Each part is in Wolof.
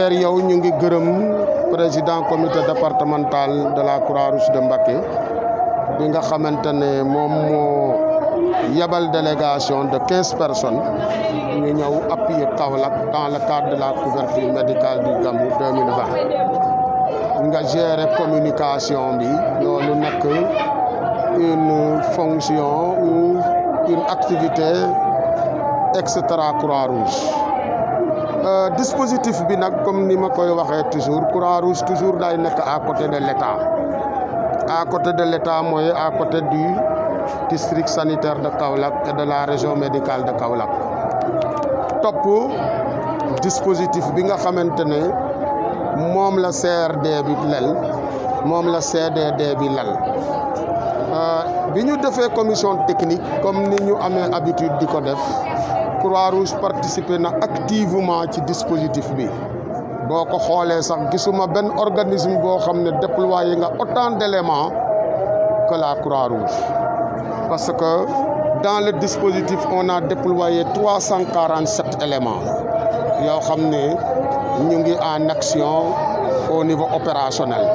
travers yow ñu ngi gërëm président comité départemental de la Croix-Rouge de Mbacké bi nga xamante ne moom moo yebal délégation de quinze personnes ñu ñëw appuyer Kaolack dans le cadre de la couverture médicale du Gamou 2020 nga gérer communication bi loolu nekk une fonction ou une activité extra Croix-Rouge Euh, dispositif bi nag comme ni ma koy waxee toujours Croix Rouge toujours day nekk à côté de l' état à côté de l' état mooy à côté du district sanitaire de Kaolack et de la région médicale de Kaolack topp dispositif bi nga xamante ne moom la CRD bi lal moom la CDD bi lal euh, bi ñu defee commission technique comme ni ñu amee habitude di ko def. Croix-Rouge participer na activement ci dispositif bi boo ko xoolee sax gisuma benn organisme boo xam ne yi nga autant d'éléments que la Croix-Rouge parce que dans le dispositif on a déployé 347 éléments yoo xam ne ñu ngi en action au niveau opérationnel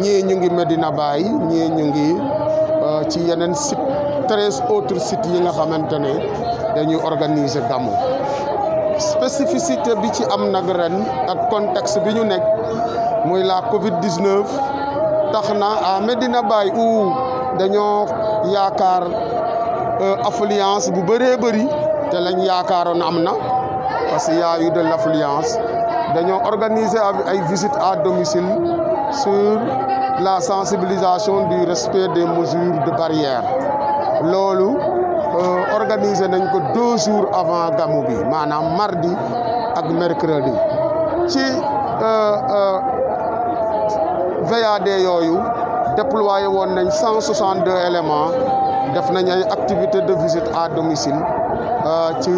ñii ñu ngi Medina Baye ñii ñu ngi euh, ci yeneen site treize autres sites yi nga xamante ne dañuy organiser gàmmu spécificité bi ci am na ren ak contexte bi ñu nekk muy la Covid 19 tax na à Medina Baye où dañoo yaakaar euh, affluence bu bëree bëri te lañ yaakaaroon am na parce que y a eu de l' affluence dañoo organiser ay visites à domicile sur la sensibilisation du respect des mesures de barrière loolu euh, organiser nañ ko deux jours avant gamu bi maanaam mardi ak mercredi ci euh, euh, VAD yooyu déployé woon nañ cent soixante deux éléments def nañ ay activité de visite à domicile ci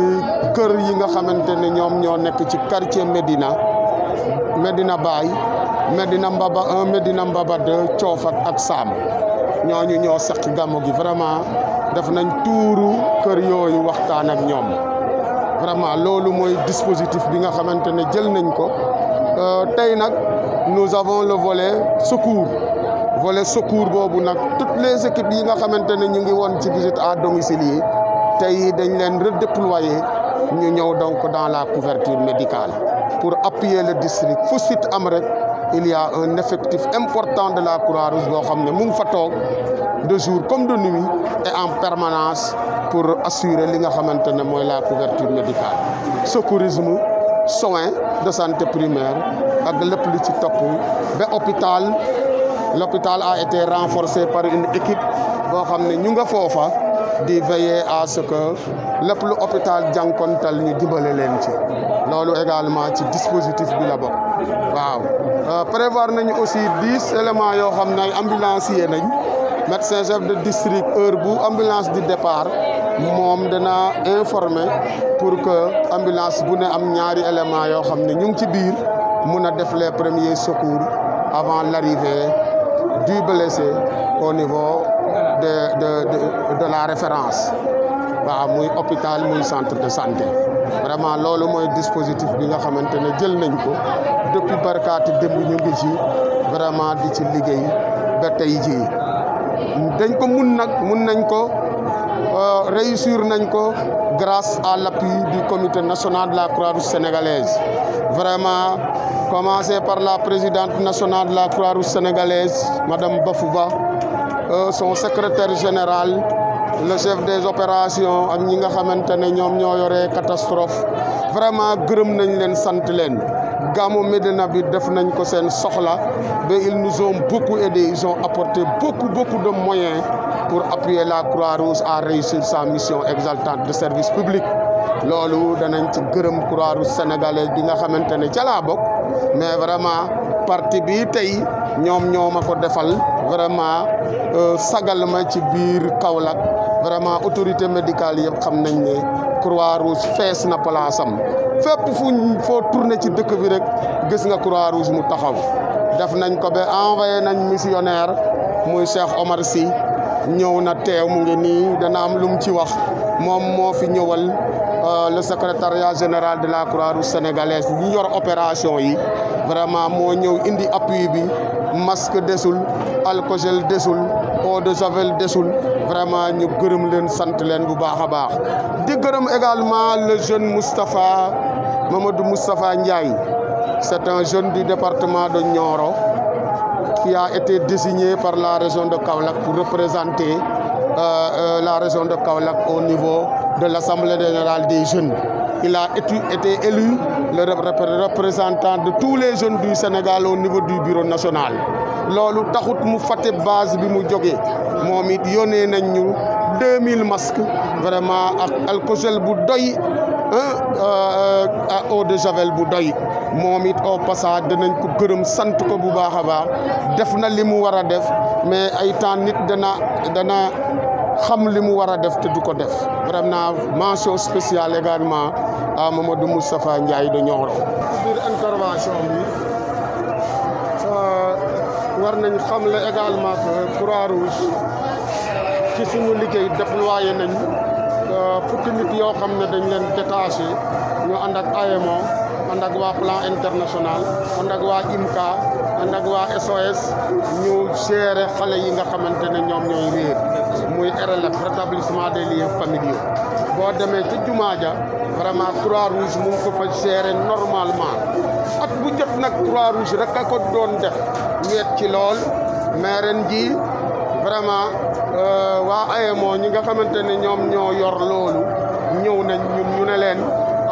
kër yi nga xamante ne ñoom ñoo nekk ci quartier Médina Médina Baye Médina Mbaba 1 Médina Mbaba 2 ak Saam ñu ñoo seq gàmmu gi vraiment def nañ tuuru kër yooyu waxtaan ak ñoom vraiment loolu mooy dispositif bi nga xamante ne jël nañ ko euh, tey nag nous avons le volet secours volet secours boobu nag toutes les équipes yi nga xamante ne ñu ngi woon ci visite à domicile yi tey dañ leen redéployer ñu ñëw donc dans la couverture médicale pour appuyer le district fu site am rek. il y a un effectif important de la Croix-Rouge xam ne mu ngi fa toog de jour comme de nuit et en permanence pour assurer li nga xamante ne mooy la couverture médicale secourisme soins de santé primaire ak lépp lu ci topp ba hôpital l'hôpital a été renforcé par une équipe boo xam ne ñu nga foofa di veiller à lépp lu hôpital jànkontal ñu jubale leen ci loolu également ci dispositif bi la bokk waaw euh, prévoir nañu aussi dix éléments yoo xam ne ay ambulancier nañ médecin chef de district heure bu ambulance di départ moom dana informer pour que ambulance bu ne am ñaari éléments yoo xam ne ñu ngi ci biir mun a def les premier secours avant l'arrivée du blessé au niveau de de de la référence waaw muy hôpital muy centre de santé vraiment loolu mooy dispositif bi nga xamante ne jël nañ ko depuis barkaati démb ñu ngi ci vraiment di ci liggéey ba tey jii dañ ko mun nag mun nañ ko euh, réussir nañ ko grâce à l'appui di comité national de la Croix-Rouge sénégalaise vraiment commencé par la présidente nationale de la Croix-Rouge sénégalaise madame Bafouba Euh, son secrétaire général le chef des opérations ak ñi nga xamante ne ñoom ñoo yore catastrophe vraiment gërëm nañ leen sant leen Gamou Médina bi def nañ ko seen soxla ba ils nous ont beaucoup aidé ils ont apporté beaucoup beaucoup de moyens pour appuyer la Croix-Rouge à réussir sa mission exaltante de service public loolu danañ ci gërëm Croix-Rouge sénégalaise bi nga xamante ne ca bokk mais vraiment parti bi tey ñoom ñoo ma ko defal vraiment euh, sagal ma ci biir Kaolack vraiment autorité médicale yëpp xam nañ ne Croix-Rouge fees na place am fépp fu foo tourné ci dëkk bi rek gis nga Croix-Rouge mu taxaw def nañ ko ba envoyé nañ missionnaire muy Cheikh Omar Sy ñëw na teew mu ngi nii dana am lu mu ci wax moom moo fi ñëwal Euh, le secrétariat général de la Croix-Rouge sénégalaise ñu opération yi vraiment moo ñëw indi appui bi masque desul alcogel desul eau de javel desul vraiment ñu gërëm leen sant leen bu baax a baax di gërëm également le jeune Moustapha Mamadou Moustapha Ndiaye c'est un jeune du département de Nioro qui a été désigné par la région de Kaolack pour représenter euh, euh, la région de Kaolack au niveau de l'Assemblée générale des jeunes. Il a été élu le représentant de tous les jeunes du Sénégal au niveau du bureau national. loolu taxut mu fàtte base bi mu joge moom it yónnee nañ ñu 2000 masques vraiment ak bu doy a euh, euh, eau de javel bu doy moom it au passage danañ ko gërëm sant ko bu baax a baax def na li mu war a def mais ay temps nit dana dana. xam li mu war a def te du ko def vraiment mention spéciale également à Mamadou Moustapha Ndiaye de Nioro biir intervention bi euh, war nañ xam le également que Croix-Rouge ci suñu liggéey déployé nañ euh, fukki nit yoo xam ne dañ leen détaché ñu ànd ak AMO ànd waa plan international ànd ak waa IMCA ànd SOS ñu gérer xale yi nga xamante ne ñoom ñooy réer muy RLF rétablissement des liens familiaux boo demee ci jumaa ja vraiment Croix Rouge mu ngi ko fa gérer normalement at bu jot nag Croix Rouge rek a ko doon def weet ci lool mais ren ji vraiment euh, waa AEMO ñi nga xamante ne ñoom ñoo yor loolu ñëw nañ ñun ñu ne leen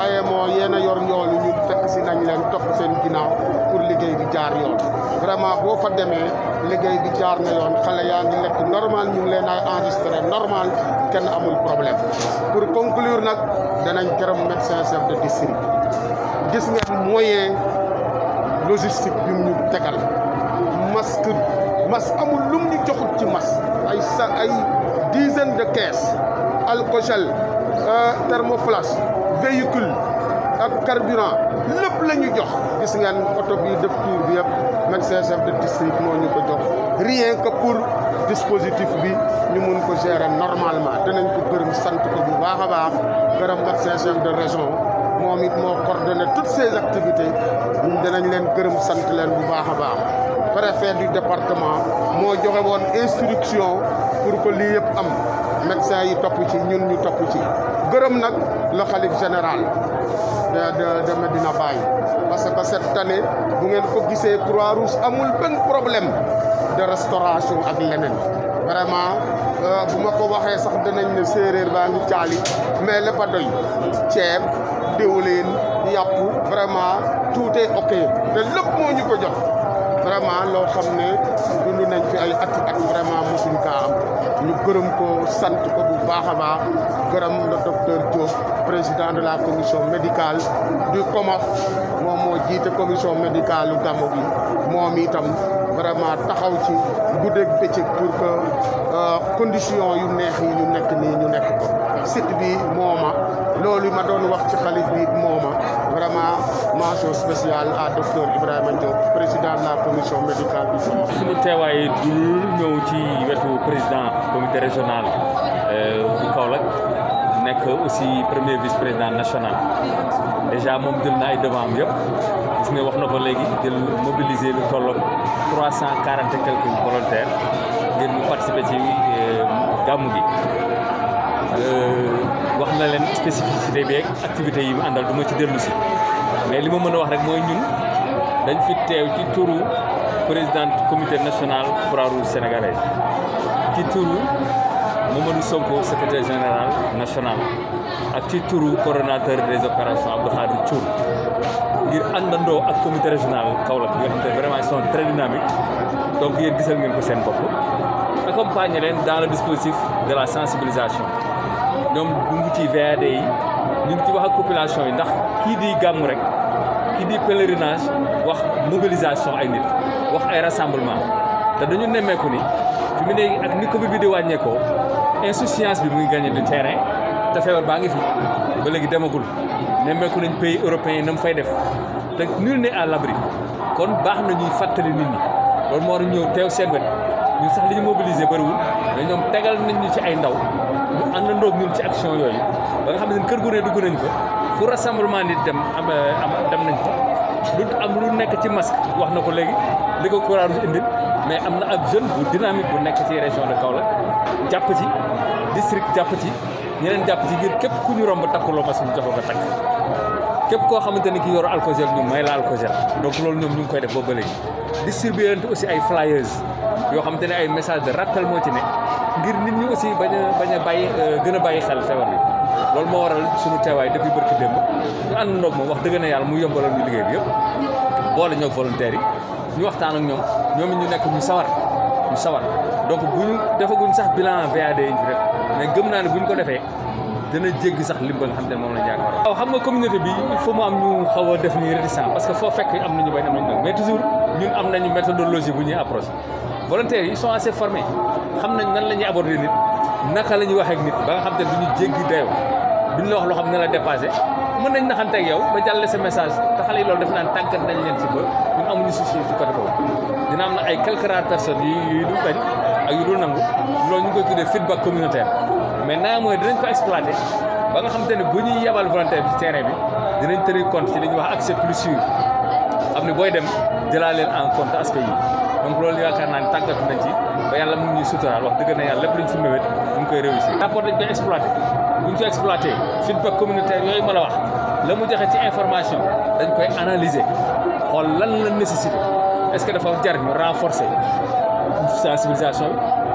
AEMO yéen a yor loolu ñu fekk si nañ leen topp seen ginnaaw liggéey bi jaar yoon vraiment boo fa demee liggéey bi jaar na yoon xale yaa ngi lekk normal ñu ngi leen ay enregistré normal kenn amul problème pour conclure nag danañ gërëm médecin chef de district gis ngeen moyen logistique bi mu ñu tegal masque masque amul lum ñu joxut ci mas ay sa ay dizaine de caisse alcogel euh, thermoflash véhicule ak carburant lépp la jox gis ngeen oto bi def tour bi yëpp médecin chef de district moo ñu ko jox rien que pour dispositif bi ñu mun ko gérer normalement danañ ko gërëm sant ko bu baax a baax gërëm médecin chef de région moom it moo coordonné toutes ces activités danañ leen gërëm sant leen bu baax a baax préfet du département moo joxe woon instruction pour que lii yëpp am médecin yi topp ci ñun ñu topp ci gërëm nag le khalife général de de de Medina Baye parce que cette année bu ngeen ko gisee croix rouge amul benn problème de restauration ak leneen vraiment euh, bu ma ko waxee sax danañ ne séeréer baa ngi caali mais lépp a doy ceeb diwlin yàpp vraiment tout est ok te lépp moo ñu ko jox. vraiment loo xam ne dund nañ fi ay ati at vraiment mosuñ kaa am gërëm ko sant ko bu baax a baax gërëm le docteur Diop président de la commission médicale du COMAF moom moo jiite commission médicale u Gamou bi moom itam vraiment taxaw ci guddeeg bëccëg pour que euh, condition yu neex yi ñu nekk nii ñu nekk ko site bi mooma loolu ma doon wax ci xalif bi mooma vraiment mention spéciale à docteur Ibrahima Diop président de la commission médicale du fii suñu teewaay du ñëw ci wetu président comité régional euh, bu Kaolack nekk aussi premier vice président national déjà moom jël na ay devant yëpp gis nga wax na ko léegi jël mobiliser lu tolloog trois cent quarante et quelques volontaires ngir ñu participer ci euh, gàmmu gi euh, wax na leen spécificité bi ak activité yi mu àndal du ma ci dellu si mais li ma mën a wax rek mooy ñun dañ fi teew ci turu présidente comité national Croix-Rouge sénégalaise ci turu Mamadou Sonko secretaire général national ak ci turu coordonnateur des opérations Abdou Khadir Thiour ngir àndandoo ak comité régional Kaolack bi nga xam ne vraiment ils sont très dynamiques donc yéen di ngeen ko seen bopp accompagner leen dans le dispositif de la sensibilisation ñoom ñu ngi ci VAD yi ñu ci wax ak population yi ndax kii di gàmm rek kii di pèlerinage wax mobilisation ay nit wax ay rassemblement te dañu nemmeeku ni fi mu ne ak ni Covid bi di wàññeekoo insouciance bi mu ngi gagné du terrain te feebar baa ngi fi ba léegi demagul nemmeeku nañ pays européens yi na mu fay def te nul n'est à l'abri kon baax na ñuy fàttali nit ñi loolu moo war ñëw teew seen ñun sax li ñu mobilisé bëriwul mais ñoom tegal nañ ñu ci ay ndaw ñu àndandoog ñun ci action yooyu ba nga xam ne kër gu ne dugg nañ ko fu rassemblement nit dem am am dem nañ fa lu am lu nekk ci masque wax na ko léegi li ko courage indil mais am na ak jeune bu dynamique bu nekk ci région de Kaolack jàpp ci district jàpp ci ñeneen jàpp ci ngir képp ku ñu romb takkuloo masque ñu joxoo ko takk képp koo xamante ni ki yoru alcogel ñu may la alcogel donc loolu ñoom ñu ngi koy def boobu ba ay flyers yoo xam te ne ay message de rappel moo ci ne ngir nit ñu aussi bañ a bañ a bàyyi euh, gën a bàyyi xel feebar bi loolu moo waral suñu teewaay depuis barki démb ñu àndandoog moom wax dëgg na yàlla mu yombalal ñu liggéey bi yëpp boole ñoo volontaires yi ñu waxtaan ak ñoom ñoom ñu nekk ñu sawar ñu sawar donc bu ñu defaguñ sax bilan VAD yi ñu fi mais gëm naa ne bu ñu ko defee dana jéggi sax lim ba nga xam te ne moom la ñu yaakaar waaw xam nga communauté bi il faut mu am ñu xaw a def nii réticent parce foo fekk am nañu bañ am nañu mais toujours ñun am nañu méthodologie bu ñuy approche volontaires yi sont assez formés xam nañ nan la ñuy aborder nit naka la ñuy waxee ak nit ba nga xam te ne du ñu jéggi dayoo duñ la wax loo xam ne la dépassé mën nañ naxante ak yow ba jàllale sa message te yi loolu def naan tàggat nañ leen ci ba ñun amuñu souci ci côté boobu dina am na ay quelques rares personnes ak yu dul nangu loolu ñu ngi koy tuddee feedback communautaire mais naa mooy dinañ ko exploité ba nga xam te ne bu ñuy yebal volontaire bi ci terrain bi dinañ tenir compte ci li ñuy wax accès plus sûr xam ne booy dem jëlaa leen en compte aspect yi donc loolu yaakaar naa ne tàggatu nañ ci ba yàlla mu ngi ñuy wax dëgg na lépp luñ fi mébét mu ngi koy réussir rapport dañ koy exploité buñ ko exploité feedback communautaire yooyu ma la wax la mu joxe ci information dañ koy analyser xool lan la est ce que dafa jar ñu renforcer sensibilisation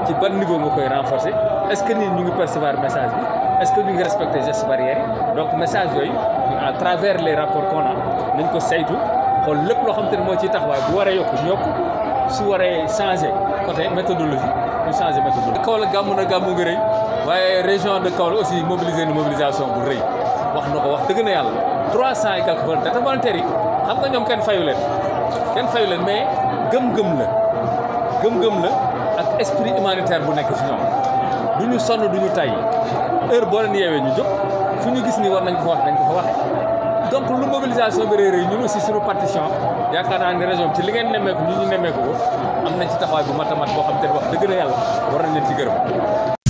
ci ban niveau moo koy renforcer est ce que nit ñu ngi percevoir message bi est ce que ñu ngi respecter gestes barrières donc message yooyu à travers les rapports a nañ ko saytu xool lépp loo xam te moo ciy taxawaay bu waree yokku ñu su waree changé côté méthodologie ñu changé méthodologie. Kaolack gàmm na gàmm gu rëy waaye région de Kaolack aussi mobilisé na mobilisation bu rëy wax na ko wax dëgg na yàlla trois cent et quelques volontaires volontaires yi xam nga ñoom kenn fayu leen kenn fayu leen mais gëm-gëm la gëm-gëm la ak esprit humanitaire bu nekk ci ñoom du ñu sonn du ñu tàyyi heure boo leen yeewee ñu jóg fu ñu gis ni war nañ ko wax nañ ko fa donc lu mobilisation bi réer yi ñun aussi suñu partition yaakaar naa ne région ci li ngeen nemmeeku ñu ñu nemmeeku ko am nañ ci taxawaay bu mat a mat boo xam te wax dëgg na yàlla war a leen si gërëm